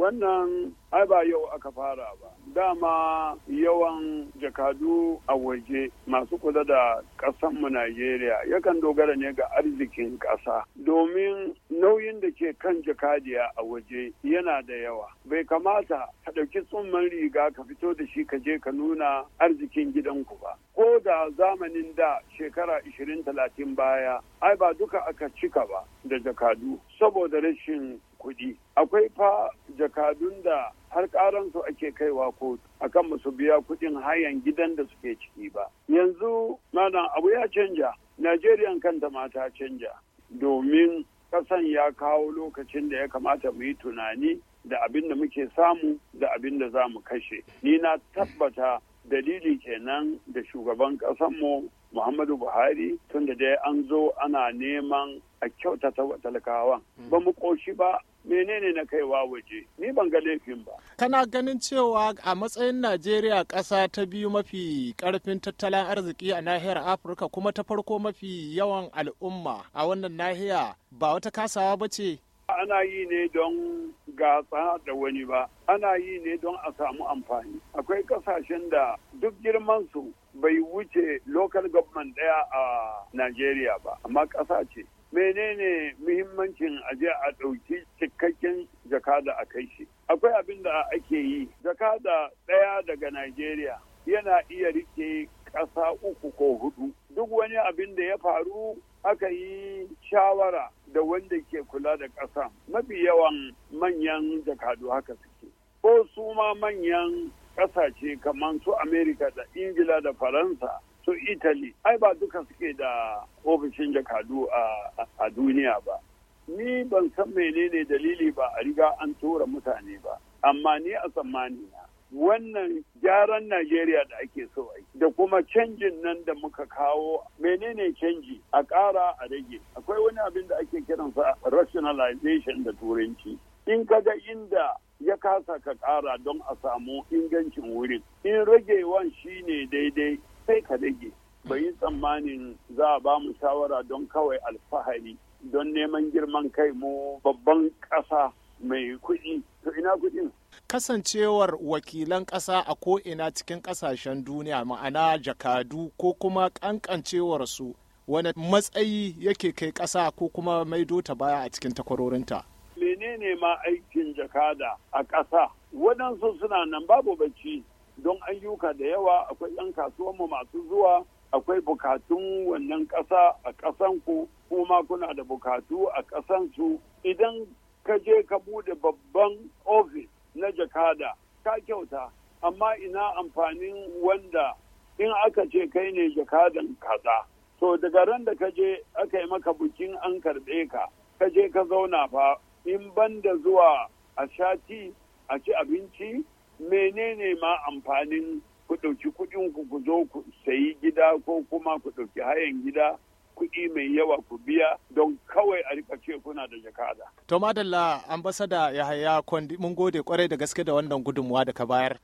wannan ai ba yau aka fara ba dama yawan jakadu a waje masu kula da ƙasanmu Najeriya yakan dogara ne ga arzikin ƙasa domin nauyin da ke kan jakadiya a waje yana da yawa bai kamata ka ɗauki tsumman riga ka fito da shi ka je ka nuna arzikin gidanku ba ko da zamanin da shekara 20-30 baya ai ba duka aka cika ba da jakadu saboda rashin kuɗi akwai fa jakadun da har karansu ake kaiwa ko akan musu biya kudin hayan gidan da suke ciki ba. Yanzu malam abu ya canja, Najeriya kanta ma ta canja domin kasan ya kawo lokacin da ya kamata mu yi tunani da abin da muke samu da abin da za mu kashe. Ni na tabbata dalili kenan da shugaban ƙasanmu Muhammadu Buhari tun da dai an zo ana neman a kyautata ta talakawan. Hmm. Ba mu ƙoshi ba menene na kaiwa waje, ni ban ga laifin ba. Kana ganin cewa a matsayin Najeriya ƙasa ta biyu mafi ƙarfin tattalin arziki a nahiyar Afirka kuma ta farko mafi yawan al'umma a wannan nahiya ba wata kasawa ba ce ana yi ne don gasa da wani ba ana yi ne don a samu amfani akwai kasashen da duk girman su bai wuce local government daya a nigeria ba amma kasa ce menene muhimmancin aje a ɗauki cikakken jakada a kai shi akwai abin da ake yi jakada ɗaya daga nigeria yana iya rike ƙasa uku ko hudu duk wani abin da ya faru aka yi shawara da wanda ke kula da ƙasa mafi yawan manyan jakadu haka suke ko su ma manyan ƙasashe kamar su amerika da ingila da faransa su italy ai ba duka suke da ofishin jakadu a duniya ba ni ban san menene dalili ba a riga an tura mutane ba amma ni a tsammani na wannan gyaran Najeriya da ake so a da kuma canjin nan da muka kawo menene canji a ƙara a rage akwai wani abin da ake kiransa rationalization da turanci in kaga inda ya kasa ka ƙara don a samu ingancin wurin in ragewan shine daidai sai ka rage bai yi tsammanin za a ba mu shawara don kawai alfahari don neman girman kai mu babban ƙasa mai kuɗi to ina kuɗin kasancewar wakilan ƙasa a ko'ina cikin ƙasashen duniya ma'ana jakadu ko kuma ƙanƙancewarsu wani matsayi yake kai ƙasa ko kuma maido ta baya a cikin takwarorinta menene ma aikin jakada a ƙasa waɗansu suna nan babu bacci don ayyuka da yawa akwai 'yan kasuwanmu masu zuwa akwai bukatun wannan ƙasa a ƙasanku kuma kuna da bukatu a ƙasansu idan ka je ka bude babban ofis na jakada ka kyauta amma ina amfanin wanda in aka ce kai ne jakadan kaza to daga ran da ka je aka yi maka bukin an karbe ka ka je ka zauna fa in banda zuwa a shati a ci abinci menene ma amfanin ku ɗauki kuɗin ku ku zo ku sayi gida ko kuma ku ɗauki hayan gida kuɗi mai yawa ku biya don kawai a rika ana da jakada. To madalla ambasada Yahaya Kwandi mun gode kwarai da gaske da wannan gudunmuwa da ka bayar.